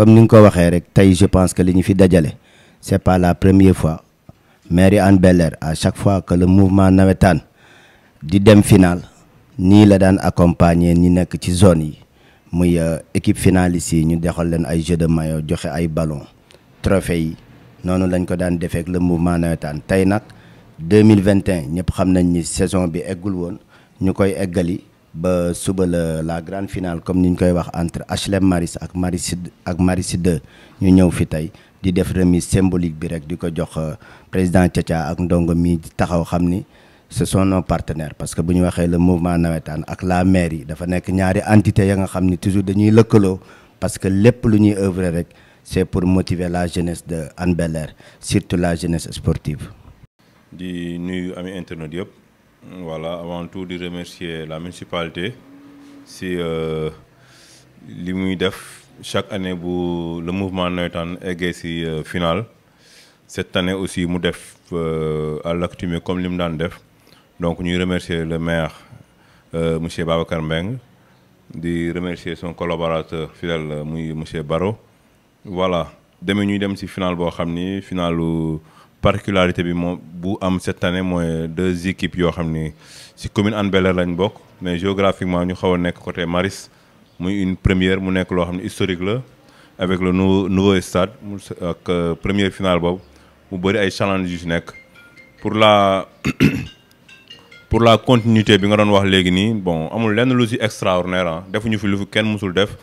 comme ni nga ko waxee rek tey je pense que li ñu fi dajale c'est pas la première fois mairie Hann Bel-Air à chaque fois que le mouvement nawetaan di dem finale nii la daan accompagner ñi nekk ci zone yi muy euh, équipe finaliste yi ñu dexal leen ay jeu de maillot joxe ay ballon trophée yi noonu lañ ko daan defeek le mouvement nawetaan tey nag 2021 ñëpp xam nañ ni saison bi eggul woon ñu koy eggali ba suba la la grande finale comme ni ñu koy wax entre HLM Maris ak Maris ak Maris ñu ñëw fi tey di def remise symbolique bi rek di ko jox euh, président Thiatia ak ndongo mi taxaw xam ni ce sont nos parce que bu ñu waxee le mouvement nawetaan ak la mairie dafa nekk ñaari entité ya nga xam ni toujours dañuy lëkkaloo parce que lépp lu ñuy œuvrer rek c'est pour motiver la jeunesse de Hann surtout la jeunesse sportive. di nuyu ami internet yëpp. voilà avant tout di remercier la municipalité si euh, li muy def chaque année bu le mouvement nawetaan egge si euh, final cette année aussi mu def euh, à l'accoutumée comme li mu daan def donc ñuy remercier le maire monsieur Babacar Mbengue di remercier son collaborateur fidèle muy monsieur Baro voilà demee ñuy dem si final boo xam ni finalu particularité bi moom bu am cette année mooy deux équipes yoo xam ni ci commune Hann Bel-Air lañ bokk mais géographiquement ñu xaw a nekk côté Maris muy une première mu nekk loo xam ne historique la avec le nouveau nouveau stade ak euh, première finale boobu mu bëri ay challenge yu si nekk pour la pour la continuité bi nga doon wax léegi nii bon amul lenn lu ci extraordinaire ah defuñu fi lu fi kenn musul def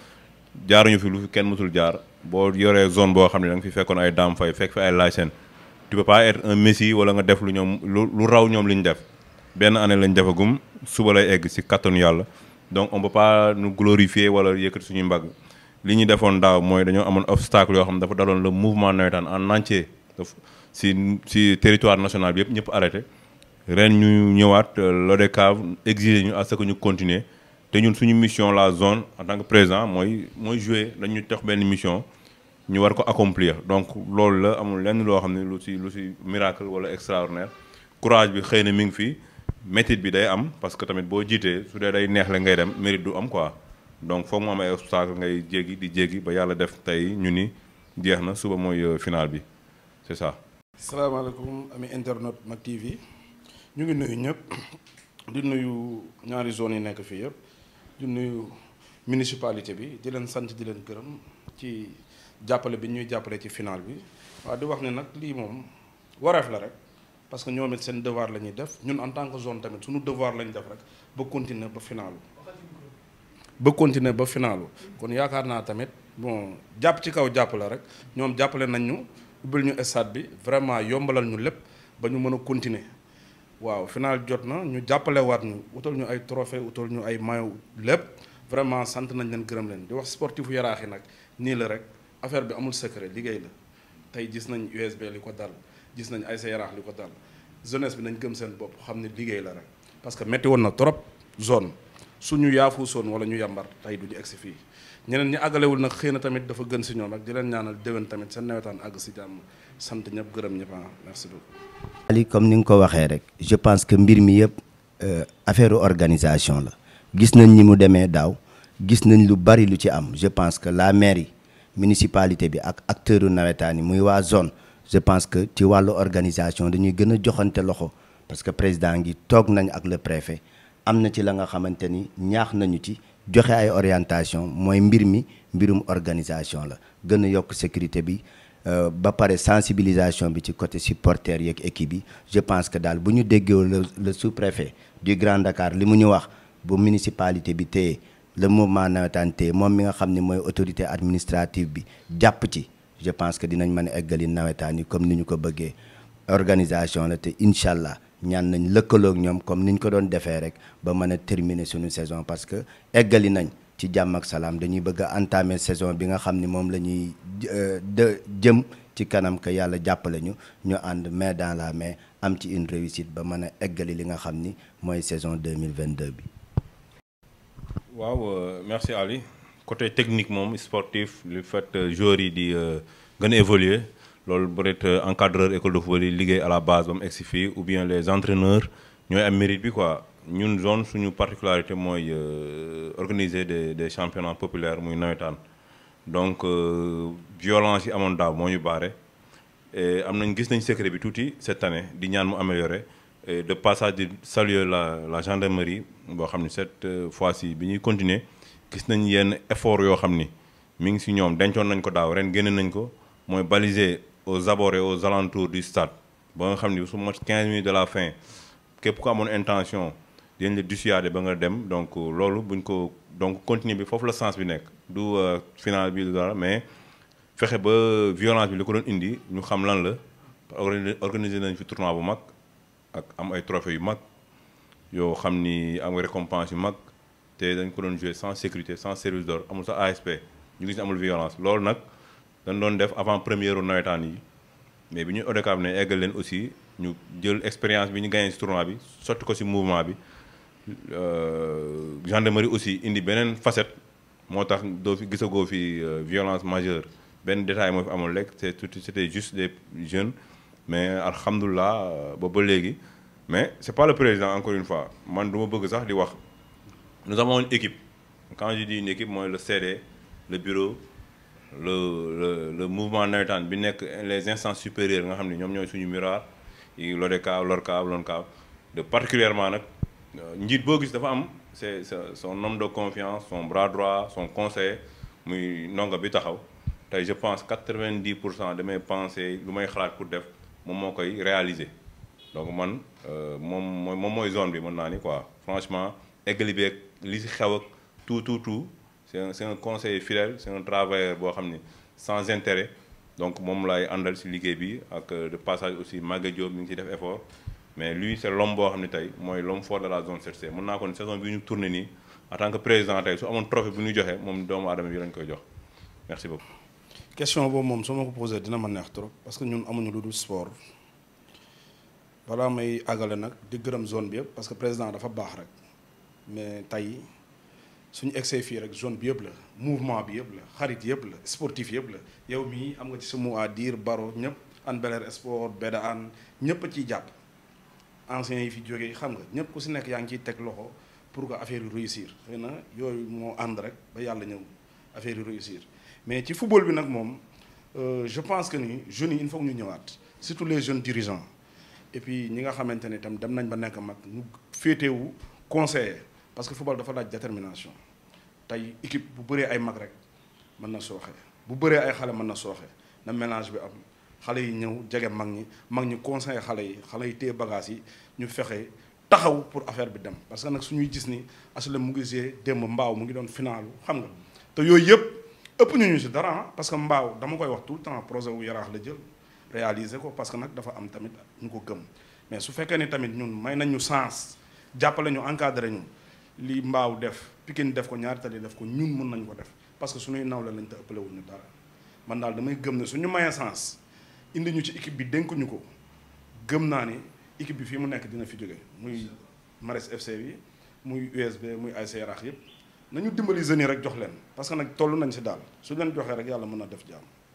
jaaruñu fi lu kenn musul jaar boo yoree zone boo xam ne da fi fekkoon ay Dame Faye fekk fi tu peux pas être un messie wala nga def lu ñoom lu raw ñoom li ñu def benn année lañ defagum suba lay egg si kattanu yàlla donc on peut pas nous glorifier wala yëkkati suñuy mbagg li ñu defoon daaw mooy dañoo amoon obstacle yoo xam ne dafa daloon le mouvement nawetaan en an daf si si territoire national bi yëpp ñëpp arrêté ren ñu ñëwaat euh, l'ODCAV exiger ñu à ce que ñu continuer te ñun suñu mission la zone en tant que président mooy mooy jouer dañu jox benn mission ñu war ko accomplir donc loolu la amul lenn loo xam ne lu si lu si miracle wala extraordinaire courage bi xëy na mi ngi fi métit bi day am parce que tamit boo jiitee su dee day neex la ngay dem mérite du am quoi donc foog mu am ay ngay jéggi di jéggi ba yàlla def tey ñu ni jeex na suba mooy euh, final bi c'est ça. salaamaaleykum ami internet Mak TV ñu ngi nuyu ñëpp di nuyu ñaari zones yi nekk fii yëpp di nuyu municipalité bi di leen sant di leen gërëm ci. jàppale bi ñuy jàppale ci final bi waaw di wax ne nag lii moom wareef la rek parce que ñoom it seen devoir la ñuy def ñun en tant que zone tamit suñu devoir lañ def rek ba continuer ba finalu ba continuer ba finalu kon yaakaar naa tamit bon jàpp ci kaw jàppale rek ñoom jàppale nañ ñu ubbil ñu stade bi vraiment yombalal ñu lépp ba ñu mën a continuer waaw final jot na ñu jàppale waat ñu utal ñu ay trophée utal ñu ay maillot lépp vraiment sant nañ leen gërëm leen di wax sportifu yaraax yi nag nii la rek affaire bi amul secret liggéey la tey gis nañ USB li ko dal gis nañ ay sa yaraax li ko dal jeunesse bi nañ gëm seen bopp xam ne liggéey la rek parce que métti woon na trop zone ñu yaafu soon wala ñu yàmbar tey du ñu egg egsi fii ñeneen ñi àggalewul nag xëy na tamit dafa gën si ñoom rek di leen ñaanal déwén tamit seen nawetaan àgg si jàmm sant ñëpp gërëm ñëpp ah merci comme ni nga ko waxee rek je pense que mbir mi yëpp euh, affaire organisation la gis nañ ni mu demee daaw gis nañ lu bari lu ci am je pense que la mairie. municipalité bi ak acteuru nawetaan yi muy waa zone je pense que ci wàllu organisation dañuy gën a joxante loxo parce que président ngi toog nañu ak le préfet am na ci la nga xamante ni ñaax nañu ci joxe ay orientation mooy mbir mi mbirum organisation la gën a yokk sécurité bi euh, ba pare sensibilisation bi ci côté supporters yeeg équipe yi je pense que daal bu ñu déggee le sous-préfet du Grand Dakar li mu ñu wax bu municipalité bi téye le mouvement nawetaan te moom mi nga xam ni mooy autorité administrative bi jàpp ci je pense que dinañ mën a eggali nawetaan yi comme ni ñu ko bëggee organisation la te incha allah ñaan nañ lëkkaloog ñoom comme niñ ko doon defee rek ba mën a terminer suñu saison parce que eggali nañ ci jàmm ak salaam dañuy bëgg a entamer saison bi nga xam ni moom la ñuy euh, jëm ci kanam que yàlla jàppale ñu ñu ànd mais dans la mais am ci une réussite ba mën a eggali li nga xam ni mooy saison 2022 bi waaw euh, merci Ali côté technique moom sportif lu fait euh, joueurs yi di euh, gën a évoluer loolu peut-être euh, encadreur école de football liggéey à la base ba mu egsi fii ou bien les entraîneurs ñooy am mérite bi quoi ñun zone suñu particularité mooy organiser de des championnats populaires muy nawetaan donc violence yi amoon daaw moo ñu baare am nañ gis nañ secret bi tuuti cette année di ñaan mu améliorer Et de passage di saluer la la gendarmerie boo xam ne cette euh, fois si bi ñuy continuer gis nañ yenn effort yoo xam ni mu ngi ci ñoom dencoon nañ ko daaw ren génne nañ ko mooy baliser aux abords et aux alentours du stade ba nga xam ni su mat quinze minutes de la fin képp ku amoon intention dinañ la dissuader ba nga dem donc euh, loolu buñ ko donc continuer bi foofu la sens bi nekk du euh, final bi du dara mais fexe ba violence bi li ko doon indi ñu xam lan la organiser nañ fi tournoi bu mag. ak am ay trophées yu mag yoo xam ni am récompense yu mag te dañ ko doon jouer sans sécurité sans service d'ordre amul sa ASP ñu gis ne amul violence loolu nag dañ doon def avant première nawetaan yi mais bi ñu ODCAV ne eggal leen aussi ñu jël expérience bi ñu gagné si tournoi bi sotti ko si mouvement bi euh, gendarmerie aussi indi beneen facette moo tax doo fi gisa gisagoo fi euh, violence majeure benn détail moo fi amoon lekk c'est tout c'était juste des jeunes mais alhamdulilah euh, boobu ba léegi mais c'est pas le président encore une fois man du bëgg sax di wax nu avons une équipe quand je dis une équipe mooy le CD le bureau le le le mouvement nawetaan bi nekk les instances supérieures nga xam ne ñoom ñooy suñu miroir yi l'ODCAV l'ORCAV l'ONCAV de particulièrement nag euh, njiit boo gis dafa am c'est son homme de confiance son bras droit son conseiller muy ndongo bi taxaw tey je pense quatre-vingt-dix pour cent damay penser lu may xalaat pour def moom moo koy réaliser donc man euh, moom mooy moom mooy zone bi mën naa ni quoi franchement eggali beeg si xew ak tout tout tout c'est conseil c'est un conseiller boo xam ni sans intérêt donc moom lay àndal si liggéey bi ak euh, de passage aussi Maguette Diop mi ngi si def effort mais lui c'est l'homme boo xam ne tey mooy l'homme fort de la zone 7C mën naa ko ne saison bi ñu tourné nii en tant que président tey su amoon trophée bu ñu joxee moom doomu aadama bi lañ koy jox merci beaucoup question boobu moom su ma ko posé dina ma neex trop parce que ñun amuñu lu dul sport balaa may àggale nag di gërëm zone bi yëpp parce que président dafa baax rek mais tey suñu egsee fii rek zone bi yëpp la mouvement bi yëpp la xarit yëpp la sportif yëpp la yow mii am nga ci sa mot à dire baro ñëpp an beleer sport beda an ñëpp a ciy jàpp anciens yi fi jógee xam nga ñëpp ku si nekk yaa ngi ciy teg loxo pour que affaire yi réussir xëy na yooyu moo ànd rek ba yàlla ñëw affaire réussir mais ci football bi nag moom euh, je pense que ni jeunes yi il faut ñu ñëwaat surtout les jeunes dirigeants et puis ñi nga xamante ni tam dem nañ ba nekk mag ñu féetewu conseiller parce que football dafa laaj détermination tey équipe bu bëree ay mag rek mën na sooxee bu bëree ay xale mën na sooxe na mélange bi am xale yi ñëw jege mag ñi mag ñi conseiller xale yi xale yi téye bagage yi ñu fexe taxaw pour affaire bi dem parce que nag su ñuy gis ni asile mu ngi gisee démb mu ngi doon finaalu xam nga te yooyu yëpp. ëpp ñu ñu si dara ah parce que mbaaw dama koy wax le temps projet wu yaraax la jël réaliser ko parce que nag dafa am tamit ñu ko gëm mais su fekkee ni tamit ñun may nañ ñu sens jàppale ñu encadré ñu li mbaaw def Pikine def ko ñaari tali def ko ñun mun nañ ko def parce que suñuy nawle lañ te ëppale wuñu dara man daal damay gëm ne suñu mayee sens indi ñu ci équipe bi dénk ko gëm naa ni équipe bi fii mu nekk dina fi jóge muy Maris FC yi muy USB muy ASC Yaraax yëpp nañu dimbali jeunes yi rek jox leen parce que nag toll nañ si daal su leen joxee rek yàlla mën a def jàmm.